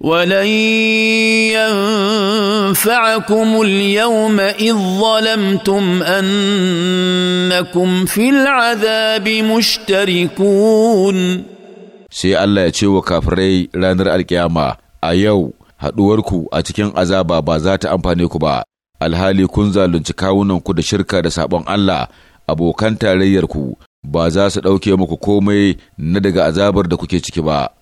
ولن ينفعكم اليوم اذ ظلمتم انكم في العذاب مشتركون sai Allah ya ce wa kafirai ranar alkiyama a yau haɗuwarku a cikin azaba ba za ta amfane ku ba alhali kun zalunci kawunanku da shirka da saɓon Allah abokan tarayyarku ba za su ɗauke muku komai na daga azabar da kuke ciki ba